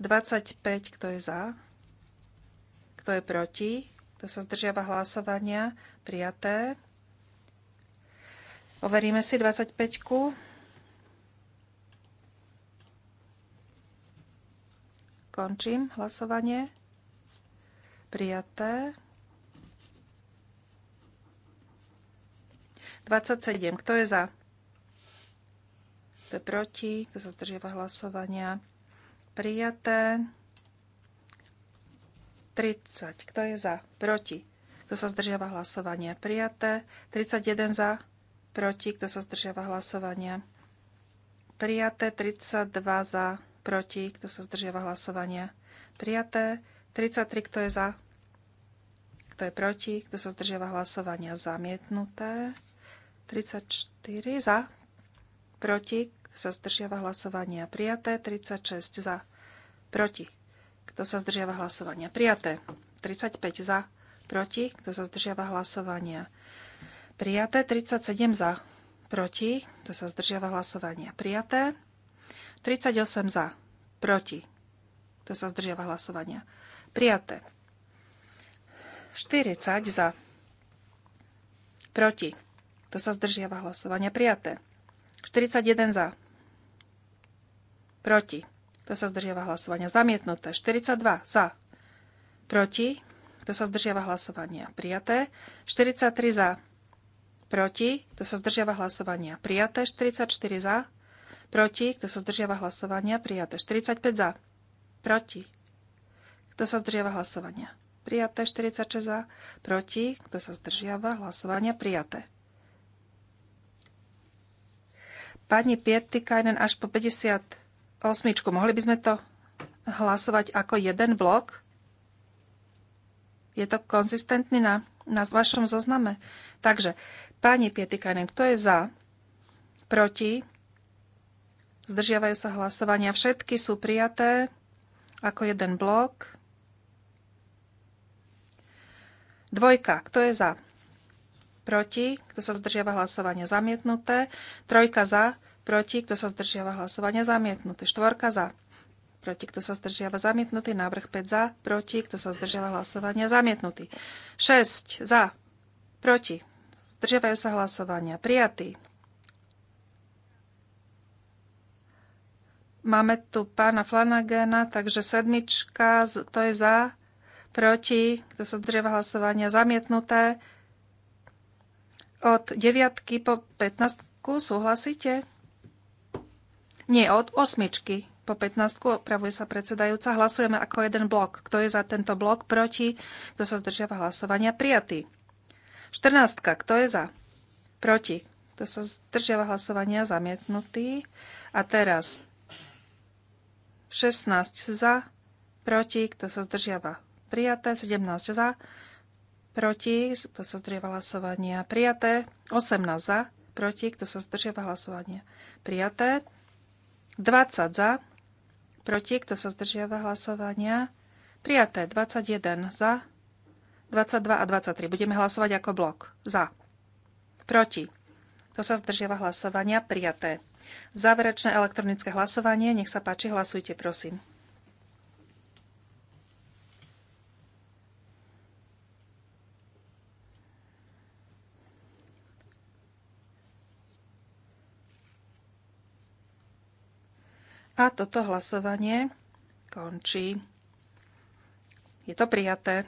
25, kto je za, kto je proti, kto sa zdržiava hlasovania, prijaté. Overíme si 25. -ku. Končím hlasovanie. Prijaté. 27. Kto je za? Kto je proti? Kto sa zdržiava hlasovania? prijaté. 30. Kto je za? Proti. Kto sa zdržiava hlasovania? Prijaté. 31 za. Proti. Kto sa zdržiava hlasovania? Prijaté. 32 za. Proti. Kto sa zdržiava hlasovania? Prijaté. 33. Kto je za? Kto je proti? Kto sa zdržiava hlasovania? Zamietnuté. 34 za proti, kto sa zdržiava hlasovania prijaté, 36 za, proti, kto sa zdržiava hlasovania prijaté, 35 za, proti, kto sa zdržiava hlasovania prijaté, 37 za, proti, kto sa zdržiava hlasovania prijaté, 38 za, proti, kto sa zdržiava hlasovania prijaté, 40 za, proti, kto sa zdržiava hlasovania prijaté. 41 za. Proti. Kto sa zdržiava hlasovania? Zamietnuté. 42 za. Proti. Kto sa zdržiava hlasovania? Prijaté. 43 za. Proti. Kto sa zdržiava hlasovania? Prijaté. 44 za. Proti. Kto sa zdržiava hlasovania? Prijaté. 45 za. Proti. Kto sa zdržiava hlasovania? Prijaté. 46 za. Proti. Kto sa zdržiava hlasovania? Prijaté. Pani Pietikainen až po 58. Mohli by sme to hlasovať ako jeden blok? Je to konzistentný na, na vašom zozname? Takže, pani Pietikainen, kto je za? Proti? Zdržiavajú sa hlasovania. Všetky sú prijaté ako jeden blok. Dvojka, kto je za? proti, kto sa zdržiava hlasovania zamietnuté, trojka za, proti, kto sa zdržiava hlasovania zamietnuté, štvorka za, proti, kto sa zdržiava zamietnutý, návrh 5 za, proti, kto sa zdržiava hlasovania zamietnutý, 6 za, proti, zdržiavajú sa hlasovania, prijatý. Máme tu pána Flanagena, takže sedmička, kto je za, proti, kto sa zdržiava hlasovania, zamietnuté, od 9 po 15 súhlasíte? Nie, od 8 po 15 opravuje sa predsedajúca. Hlasujeme ako jeden blok. Kto je za tento blok proti? Kto sa zdržiava hlasovania? Prijatý. 14. Kto je za? Proti. Kto sa zdržiava hlasovania? Zamietnutý. A teraz 16 za, proti, kto sa zdržiava? Prijaté, 17 za, proti, kto sa zdrieva hlasovania prijaté, 18 za, proti, kto sa zdržiava hlasovania prijaté, 20 za, proti, kto sa zdržiava hlasovania prijaté, 21 za, 22 a 23. Budeme hlasovať ako blok. Za. Proti. To sa zdržiava hlasovania. Prijaté. Záverečné elektronické hlasovanie. Nech sa páči, hlasujte, prosím. A toto hlasovanie končí. Je to prijaté.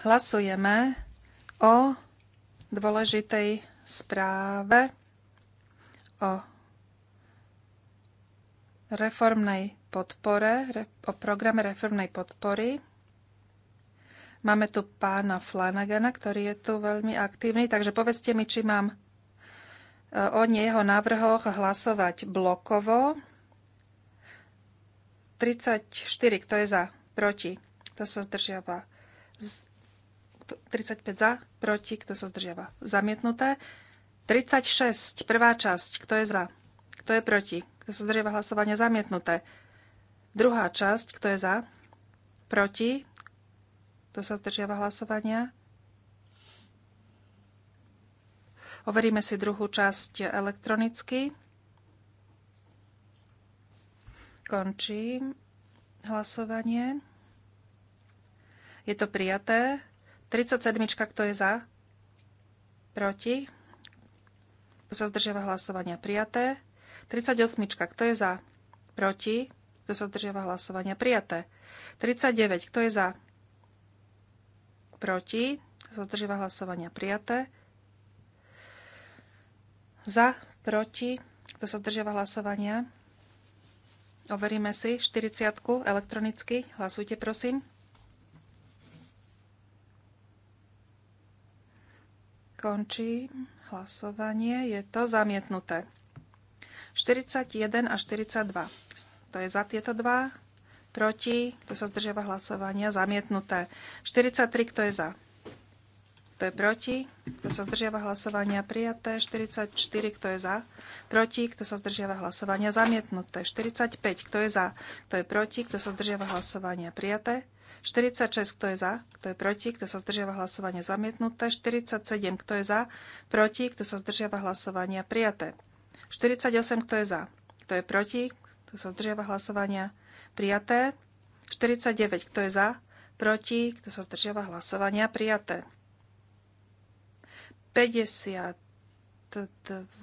Hlasujeme o dôležitej správe o reformnej podpore, o programe reformnej podpory. Máme tu pána Flanagana, ktorý je tu veľmi aktívny, takže povedzte mi, či mám e, o jeho návrhoch hlasovať blokovo. 34, kto je za? Proti. Kto sa zdržiava? 35 za, proti, kto sa zdržiava? Zamietnuté. 36, prvá časť, kto je za? Kto je proti? Kto sa zdržiava hlasovanie Zamietnuté. Druhá časť, kto je za? Proti? Kto sa zdržiava hlasovania? Overíme si druhú časť elektronicky. Končím hlasovanie. Je to prijaté. 37. Kto je za? Proti? Kto sa zdržiava hlasovania? Prijaté. 38. Kto je za? Proti? Kto sa zdržiava hlasovania? Prijaté. 39. Kto je za? Proti. Kto sa zdržiava hlasovania? Prijaté. Za. Proti. Kto sa zdržiava hlasovania? Overíme si 40 elektronicky. Hlasujte, prosím. Končím hlasovanie. Je to zamietnuté. 41 a 42 to je za tieto dva. Proti. Kto sa zdržiava hlasovania? Zamietnuté. 43. Kto je za? Kto je proti? Kto sa zdržiava hlasovania? Prijaté. 44. Kto je za? Proti. Kto sa zdržiava hlasovania? Zamietnuté. 45. Kto je za? Kto je proti? Kto sa zdržiava hlasovania? Prijaté. 46. Kto je za? Kto je proti? Kto sa zdržiava hlasovania? Zamietnuté. 47. Kto je za? Proti. Kto sa zdržiava hlasovania? Prijaté. 48. Kto je za? Kto je proti? Kto sa zdržiava hlasovania? Prijaté. 49. Kto je za? Proti. Kto sa zdržiava hlasovania? Prijaté. 52,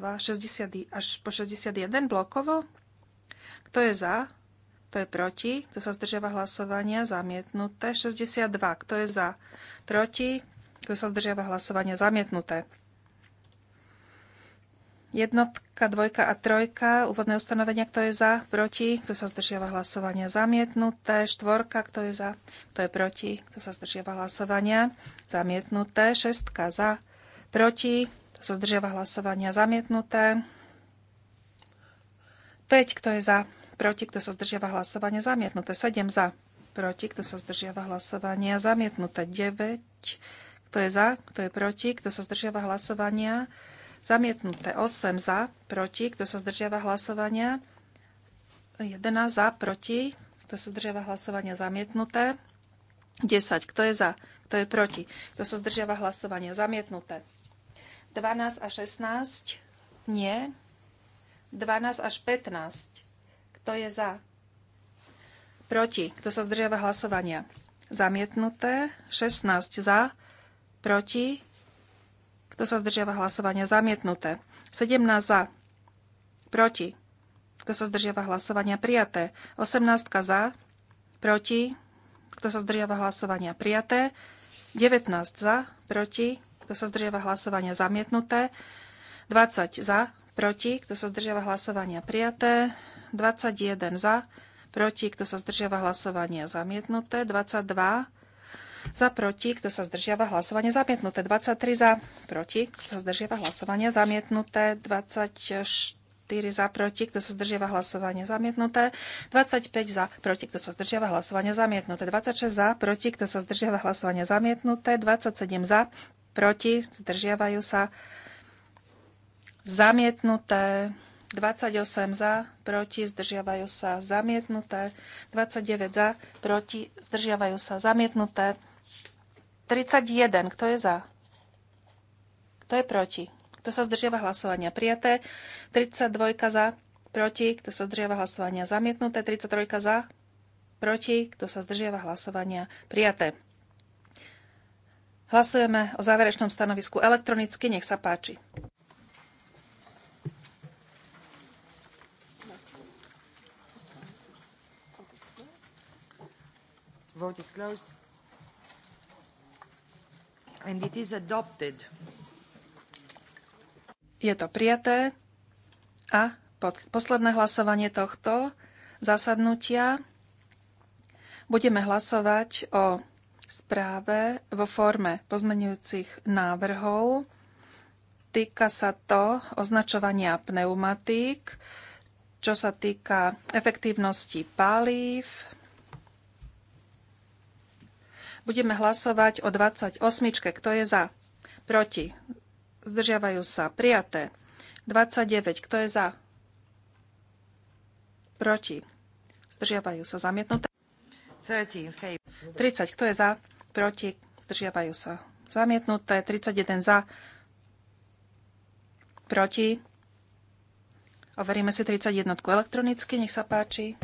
60 až po 61 blokovo. Kto je za? Kto je proti? Kto sa zdržiava hlasovania? Zamietnuté. 62. Kto je za? Proti? Kto sa zdržiava hlasovania? Zamietnuté. Jednotka, dvojka a trojka, úvodné ustanovenia, kto je za, proti, kto sa zdržiava hlasovania, zamietnuté. Štvorka, kto je za, kto je proti, kto sa zdržiava hlasovania, zamietnuté. Šestka za, proti, kto sa zdržiava hlasovania, zamietnuté. 5, kto je za, proti, kto sa zdržiava hlasovania, zamietnuté. 7 za, proti, kto sa zdržiava hlasovania, zamietnuté. 9, kto je za, kto je proti, kto sa zdržiava hlasovania, zamietnuté Zamietnuté 8 za, proti, kto sa zdržiava hlasovania. 11 za, proti, kto sa zdržiava hlasovania, zamietnuté. 10, kto je za, kto je proti, kto sa zdržiava hlasovania, zamietnuté. 12 a 16, nie. 12 až 15, kto je za, proti, kto sa zdržiava hlasovania, zamietnuté. 16 za, proti, kto sa zdržiava hlasovania? Zamietnuté. 17 za. Proti. Kto sa zdržiava hlasovania? Prijaté. 18 za. Proti. Kto sa zdržiava hlasovania? Prijaté. 19 za. Proti. Kto sa zdržiava hlasovania? Zamietnuté. 20 za. Proti. Kto sa zdržiava hlasovania? Prijaté. 21 za. Proti. Kto sa zdržiava hlasovania? Zamietnuté. 22 za proti, kto sa zdržiava hlasovanie, zamietnuté, 23 za proti, kto sa zdržiava hlasovanie, zamietnuté, 24 za proti, kto sa zdržiava hlasovanie, zamietnuté, 25 za proti, kto sa zdržiava hlasovanie, zamietnuté, 26 za proti, kto sa zdržiava hlasovanie, zamietnuté, 27 za proti, zdržiavajú sa zamietnuté, 28 za, proti, zdržiavajú sa zamietnuté, 29 za, proti, zdržiavajú sa zamietnuté, 31. Kto je za? Kto je proti? Kto sa zdržiava hlasovania? Prijaté. 32 za. Proti. Kto sa zdržiava hlasovania? Zamietnuté. 33 za. Proti. Kto sa zdržiava hlasovania? Prijaté. Hlasujeme o záverečnom stanovisku elektronicky. Nech sa páči. Vote is closed and it is adopted. Je to prijaté. A posledné hlasovanie tohto zasadnutia budeme hlasovať o správe vo forme pozmenujúcich návrhov. Týka sa to označovania pneumatík, čo sa týka efektívnosti palív, Budeme hlasovať o 28. Kto je za? Proti. Zdržiavajú sa. Prijaté. 29. Kto je za? Proti. Zdržiavajú sa. Zamietnuté. 30. Kto je za? Proti. Zdržiavajú sa. Zamietnuté. 31 za. Proti. Overíme si 31 elektronicky. Nech sa páči.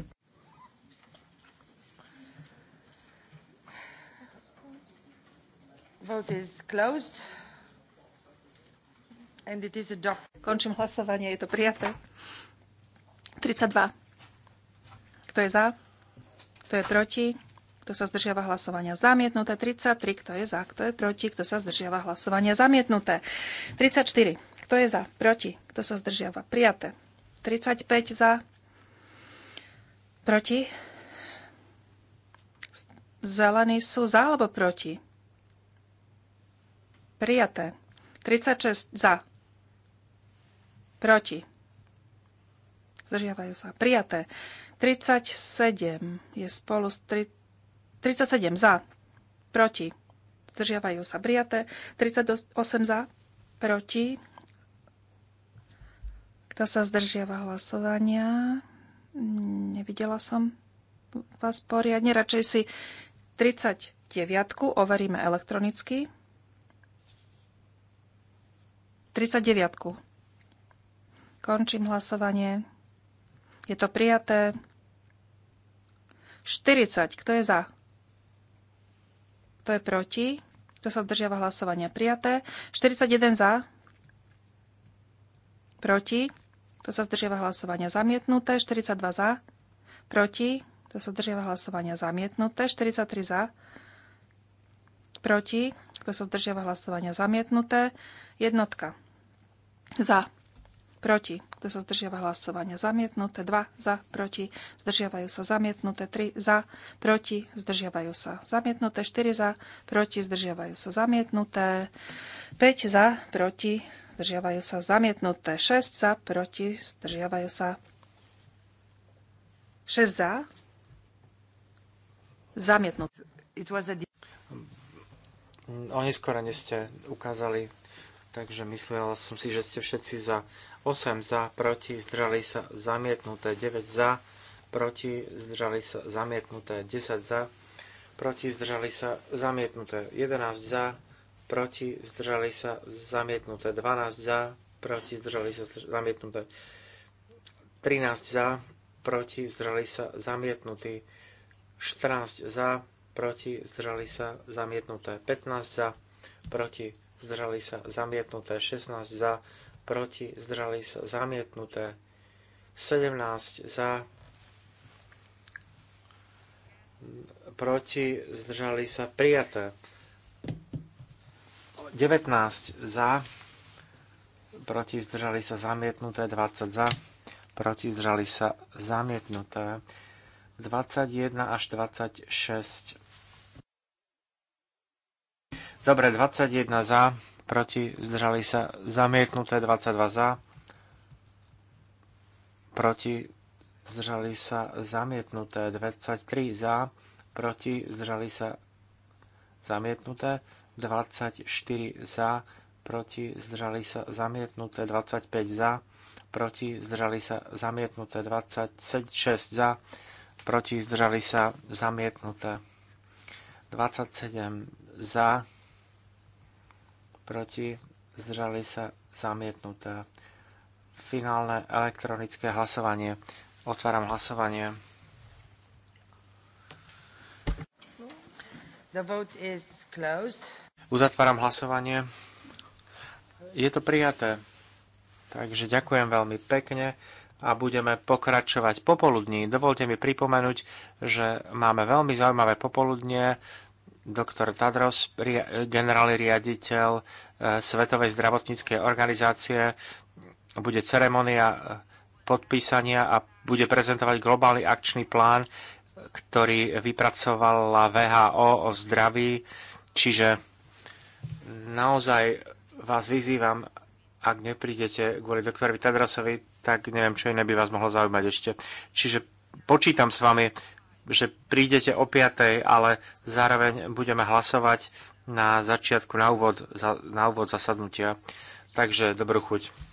Končím hlasovanie, je to prijaté. 32. Kto je za? Kto je proti? Kto sa zdržiava hlasovania? Zamietnuté. 33. Kto je za? Kto je proti? Kto sa zdržiava hlasovania? Zamietnuté. 34. Kto je za? Proti? Kto sa zdržiava? Prijaté. 35 za? Proti? Zelení sú za alebo proti? Prijaté. 36 za. Proti. Zdržiavajú sa. Prijaté. 37 je spolu s 3, 37 za. Proti. Zdržiavajú sa. Prijaté. 38 za. Proti. Kto sa zdržiava hlasovania? Nevidela som vás poriadne. Radšej si 39 overíme elektronicky. 39. Končím hlasovanie. Je to prijaté. 40. Kto je za? Kto je proti? Kto sa zdržiava hlasovania? Prijaté. 41 za. Proti. Kto sa zdržiava hlasovania? Zamietnuté. 42 za. Proti. Kto sa zdržiava hlasovania? Zamietnuté. 43 za. Proti. Kto sa zdržiava hlasovania? Zamietnuté. Jednotka za, proti, To sa zdržiava hlasovania, zamietnuté, 2 za, proti, zdržiavajú sa, zamietnuté, 3 za, proti, zdržiavajú sa, zamietnuté, 4 za, proti, zdržiavajú sa, zamietnuté, 5 za, proti, zdržiavajú sa, zamietnuté, 6 za, proti, zdržiavajú sa, 6 za, zamietnuté. Oni skoro neste ukázali Takže myslel som si, že ste všetci za 8 za, proti, zdržali sa zamietnuté, 9 za, proti, zdržali sa zamietnuté, 10 za, proti, zdržali sa zamietnuté, 11 za, proti, zdržali sa zamietnuté, 12 za, proti, zdržali sa zamietnuté, 13 za, proti, zdržali sa zamietnutí, 14 za, proti, zdržali sa zamietnuté, 15 za, proti, zdržali sa zamietnuté, 16 za, proti, zdržali sa zamietnuté, 17 za, proti, zdržali sa prijaté, 19 za, proti, zdržali sa zamietnuté, 20 za, proti, zdržali sa zamietnuté, 21 až 26 Dobre, 21 za, proti, zdržali sa, zamietnuté 22 za, proti, zdržali sa, zamietnuté 23 za, proti, zdržali sa, zamietnuté 24 za, proti, zdržali sa, zamietnuté 25 za, proti, zdržali sa zamietnuté 26 za, proti, zdržali sa zamietnuté 27 za, proti, zdržali sa zamietnuté. Finálne elektronické hlasovanie. Otváram hlasovanie. The vote is closed. Uzatváram hlasovanie. Je to prijaté. Takže ďakujem veľmi pekne a budeme pokračovať popoludní. Dovolte mi pripomenúť, že máme veľmi zaujímavé popoludnie doktor Tadros, generálny riaditeľ e, Svetovej zdravotníckej organizácie. Bude ceremonia e, podpísania a bude prezentovať globálny akčný plán, ktorý vypracovala VHO o zdraví. Čiže naozaj vás vyzývam, ak neprídete kvôli doktorovi Tadrosovi, tak neviem, čo iné by vás mohlo zaujímať ešte. Čiže počítam s vami, že prídete o 5, ale zároveň budeme hlasovať na začiatku, na úvod, za, na úvod zasadnutia. Takže dobrú chuť.